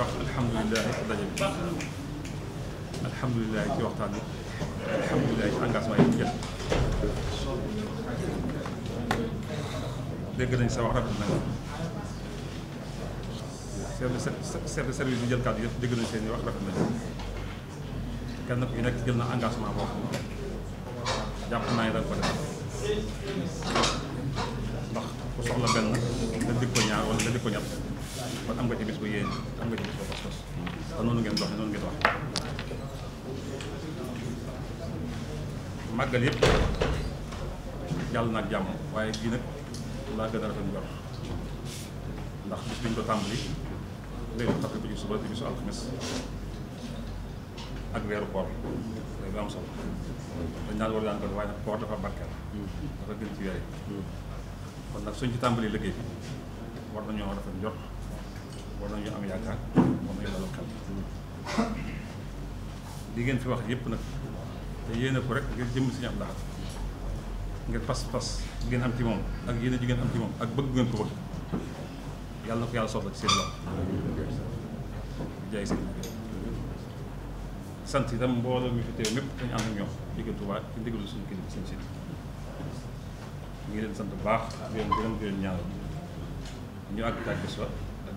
wax alhamdulilah daje bi alhamdulilah ci waxtaan bi alhamdulilah ci engagement yi ñu jël dégg nañ sa wax rafet na chef de service yi jël kàddu yëpp dégg nañ seen i wax rafet nañ kenn ku ci nekk jël na engagement boo xam ne jàpp naa ne dañ ko def ndax ku soxla benn nga dig ko ñaar wala nga dig ko ñett kon am nga ci bis bu yéene am nga ci bis bu pas-pas te noonu ngeen doxee noonu ngeen wax màggal yëpp jàll naag jàmm waaye bii nag laa gën a rafet njort ndax bis biñ ko tàmbali léegi xat bi ci suba di bisu alxames ak weeru koor léegi am solo dañ naan war daan ko waaye nag koor dafa barkeel dafa gën ci yooyu kon nag suñ ci tàmbali liggéey war nañoo rafet njort war nañu am yaakaar war nañu dalal xel li ngeen fi wax yépp nag te yéene ko rek ngir jëm si ñam laxat ngir pas-pas ngeen am ci moom ak yéene ji ngeen am ci moom ak bëgg ngeen ko bëgg yàlla na ko yàlla soxla ci seen loxo jaay seen sant itam mbooloo mi fi teew mépp dañu am na ñoom jóge Tuubaa ci ndigalu suñu kilifa seen seen ñu ngi leen sant baax di leen gërëm ñu àgg tàgg bis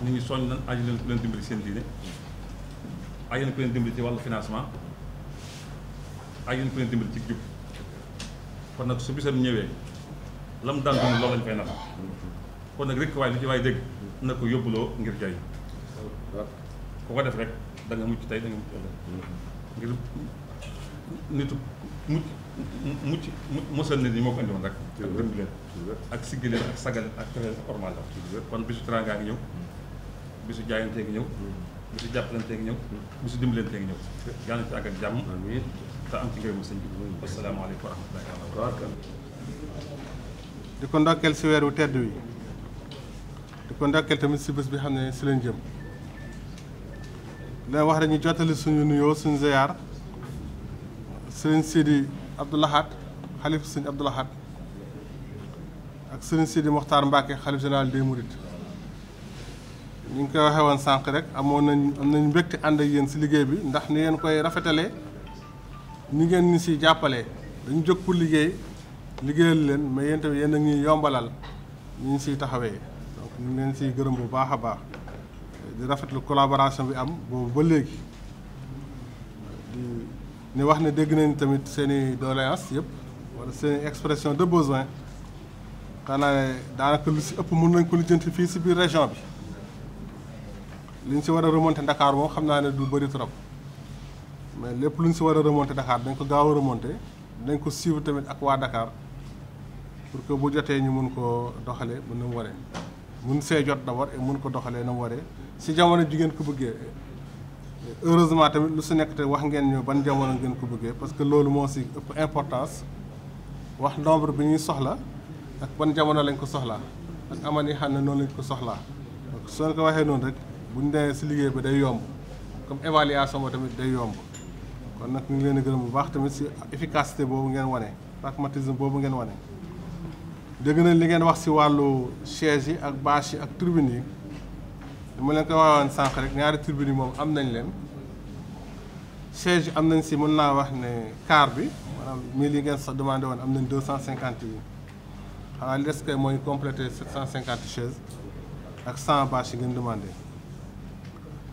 nit ñi soññ nañ aji leen ku leen dimbali seen diine aji leen ku leen dimbali ci wàllu financement aji leen ku leen dimbali ci jub kon nag su bisam ñëwee lam daan dund loolu lañ ci waay dégg ko yóbbuloo ngir jay ku ko def rek danga mucc tey da nga mucc ëllëg ngir nitu mucc mucc musal nit ñi moo ko indi woon rek ak dëmb leen ak siggi leen ak sagal ak tefee ormal kon bisu teraanga ngi ñëw bisu jaayanteeg ñëw bisu jàppalanteeg ñëw bisu dimbalanteeg ñëw yàlla na ci àgg ak jàmm te am ci ngërëmu sëñ bi asalaamaaleykum wa rahmatullahi wa barakatuh di ko ndokkeel si weeru tedd wi di ko ndokkeel tamit si bés bi xam ne si leen jëm leen wax dañu jottali suñu nuyoo suñu ziyaar sëriñ Sidi Abdou Lahad xalif sëriñ Abdou Lahad ak sëriñ Sidi Mokhtar Mbacke xalif général des Mourides ñu ngi koy waxee woon sànq rek amoon nañ am nañ mbégte ànd ak yéen si liggéey bi ndax ni ngeen koy rafetale ni ngeen ñu si jàppale dañu jóg pour liggéey liggéeyal leen mais yéen tamit yéen a ñuy yombalal ñu ngi siy taxawee donc ñu leen siy gërëm bu baax a baax di rafetlu collaboration bi am boobu ba léegi di ni wax ne dégg nañ tamit seen i doléance yëpp wala seen i expression de besoin xanaa daanaka lu si ëpp mun nañ ko lijjanti fii si biir région bi. li si war a remonter Dakar moom xam naa ne bëri trop mais lépp lu ñu si war a remonter Dakar dañ ko gaaw a dañ ko suivre tamit ak waa Dakar bu jotee ñu mun ko doxalee mën na mu mun see jot d'abord mun ko doxalee na mu si jamono ji ngeen ko bëggee heureusement tamit lu si nekk te wax ngeen ñu ban jamono ngeen ko bëggee parce que loolu moo si ëpp importance wax nombre bi ñuy soxla ak ban jamono lañ ko soxla ak aman yi xam ne noonu lañ ko soxla donc soo ko waxee noonu rek. bu ñu demee si liggéey bi day yomb comme évaluation ba tamit day yomb kon nag mu ngi leen di gërëm bu baax tamit si efficacité boobu ngeen wane pragmatisme boobu ngeen wane. dégg nañ li ngeen wax si wàllu chaise yi ak bâche yi ak tribune yi dama leen ko waxoon sànq rek ñaari tribune yi moom am nañ leen chaise am nañ si mën naa wax ne car bi maanaam mille yi ngeen sa demande woon am nañ deux cent cinquante yi xanaa li des kay mooy complété sept cent cinquante chaises ak cent bâche yi ngeen demandé.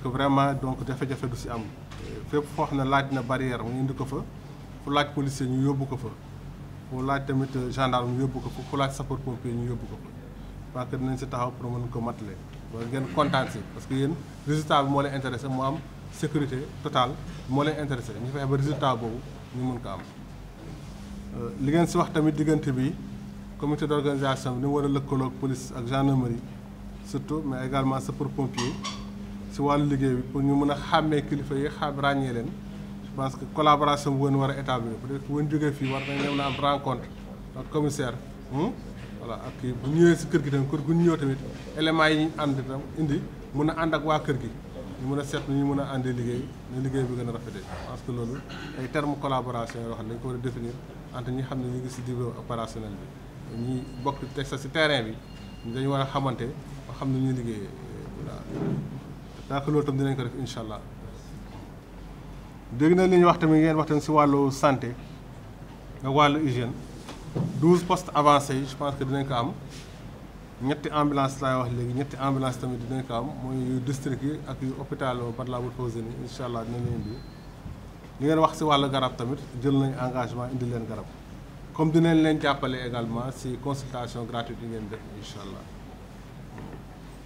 que vraiment donc jafe-jafe du ci am fepp foo xam laaj na barrière mu indi ko fa fu laaj policier ñu yóbbu ko fa fu laaj tamit gendarme ñu yóbbu ko fa fu laaj sapeur pompier ñu yóbbu ko fa parce que dinañ si taxaw pour mën ko matale wala ngeen kontaan parce que yéen résultat bi moo leen intéressé mo am sécurité totale mo leen intéressé ñu fay ba résultat boobu ñu mën ko am euh, li ngeen si wax tamit diggante bi comité d'organisation ni mu war police ak gendarmerie surtout mais également sapeur pompier si wàllu liggéey bi pour ñu mën a xàmmee kilifa yi xam ràññee leen je que collaboration bu wën war a établir peut-être bu wën jógee fii war nañ ñëw na am rencontre ak commissaire hmm? voilà ak bu bu ñëwee si kër gi tamit kër gu ñu ñëw tamit éléments yi ñu indi mën a ànd ak waa kër gi ñu mën a seet ñu mën a àndee liggéey ne liggéey bi gën a rafetee parce que loolu ay terme collaboration yoo xam ne dañ ko war a définir ant ñi xam ne ñu ngi si niveau opérationnel bi ñi bokk teg sa si terrain bi dañu war a xamante xam ne ñuy liggéeyee daanaka loolu tam dinañ ko def incha allah dégg na li ñu wax tamit ngeen wax tamit si wàllu santé nga wàllu hygiène douze postes avancés yi je pense que dinañ ko am ñetti ambulance laay wax léegi ñetti ambulance tamit dinañ ko am mooy district yi ak yu hôpital Matlaboul Fawzeyni incha allah dinañ leen indi li ngeen wax si wàllu garab tamit jël nañ engagement indi leen garab comme dinañ leen jàppale également si consultation gratuite yi ngeen def incha allah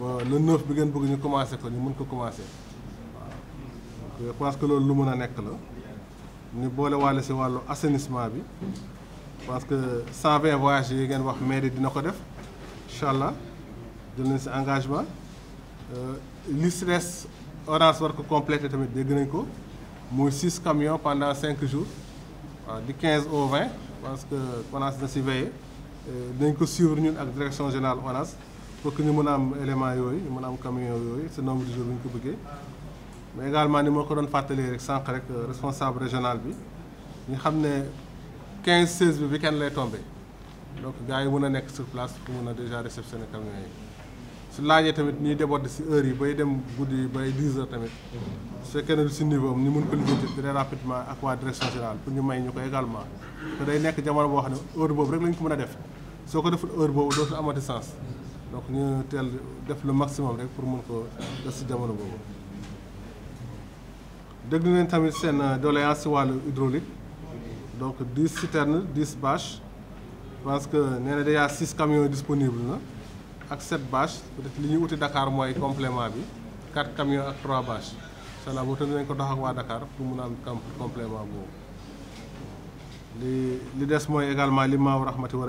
le 9, bi bëgg ñu je pense que loolu lu mën nekk la boole parce que ça voyages yi ngeen wax mairie dina ko def incha allah jël nañ engagement euh, Orange war ko tamit camions pendant cinq jours De quinze au vingt parce que Orange na si euh, ko suivre direction générale pour que ñu mën a am élément yooyu mën a am camion yooyu ce nombre de jours bu ñu ko bëggee mais également ni moo ko doon fàttalee rek sànq rek euh, responsable régional bi ñu xam ne quinze 16 bi week-end lay tombé donc gars yi mën a nekk sur place pour mën a déjà réceptionner camion yi su laajee tamit ñuy déborde si heure yi bay dem guddi bay 10 heures tamit su fekkee ne du si niveau am ñu mën ko lijjanti très rapidement ak waa direction générale ñu may ñu ko nekk jamono boo xam ne heure boobu rek lañ ko mën def soo ko deful heure boobu dootul amati sens donc nous faisons le maximum pour que ko def si Nous avons dégg tamit hydraulique donc 10 citernes 10 bâches parce que y a déjà 6 camions disponibles. Et 7 bâches Nous avons li ñu uti Dakar mooy complément bi 4 camions et 3 bâches Nous avons boobu tamit ko dox Dakar pour que a am complément boobu li li des également li Maou Rahmati war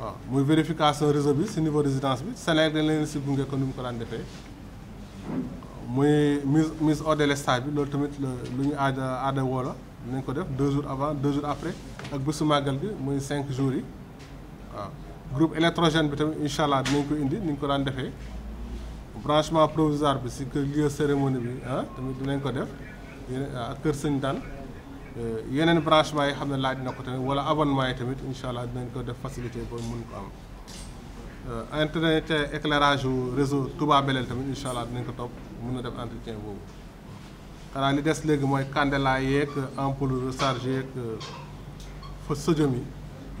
waaw muy vérification réseau bi si niveau résidence bi Sénégal dañ leen si gunge ko ni mu ko daan defee muy mise mise hors délestage bi loolu tamit lu ñu aada aada woo la dinañ ko def deux jours avant deux jours après ak bésu màggal bi muy cinq jours yi waaw groupe électrogène bi tamit incha allah dinañ ko indi ni ñu ko daan defee branchement provisoire bi si kër lieu cérémonie bi ah du nañ ko def ak ah, kër sëñ daan Eh, yeneen branchement yi xam ne laaj na ko tamit wala abonnement yi tamit incha allah dinañ ko def facilité ba mun ko am eh, internet éclairage yu réseau Touba Belel tamit incha allah dinañ ko topp mun na def entretien boobu xanaa li des léegi mooy candela yeeg ampoule rechargé yeeg eh, fa sodium yi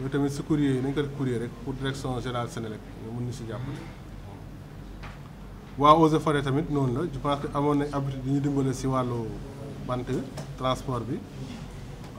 yooyu tamit si courrier yi nañ ko def courier rek pour direction générale Sénélec nga mun ni si jàppale waa Eaux et Forêts tamit noonu la je pense que amoon nañ habitude yi ñu dimbale si wàllu bant transport bi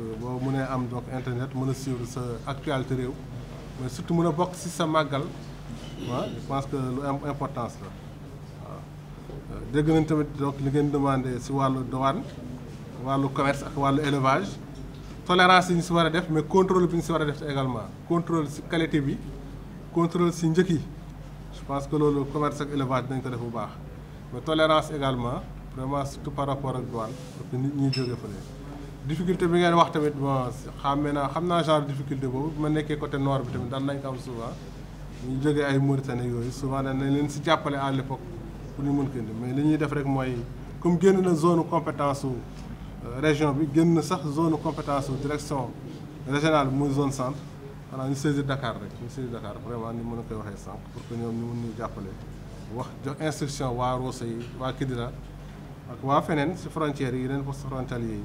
Euh, boo mënee am donc internet mën a suivre sa actualité réew mais surtout mën a bokk si sa màggal waaw je pense que lu am importance la waaw euh, dégg nañ tamit donc li ngeen demandé si wàllu douane wàllu commerce ak wàllu élevage tolérance yi ñu si war a def mais contrôle bi ñu si war a def également contrôle si qualité bi contrôle si njëkk yi je pense que loolu commerce ak élevage dañ ko def bu baax mais tolérance également vraiment surtout par rapport ak douane parce que nit ñi jóge fële difficulté bi ngeen wax tamit bon xàmmee naa xam naa genre difficulté boobu bu ma nekkee côté noir bi tamit daan nañ ko am souvent ñu jógee ay Mauritanie yooyu souvent dañ leen si jàppale à l'époque pour ñu mën ko indi mais li ñuy def rek mooy comme génn na zone compétence région bi génn na sax zone compétence direction régionale bi muy zone centre xanaa ñu saisir Dakar rek ñu saisir Dakar vraiment ñu mën koy waxee sànq pour que ñoom ñu mën ñu jàppale wax jox instruction waa Rosso yi waa Kidira ak waa feneen si frontières yi yeneen postes frontaliers yi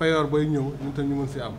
payoor booy ñëw ñun tam ñu mën si am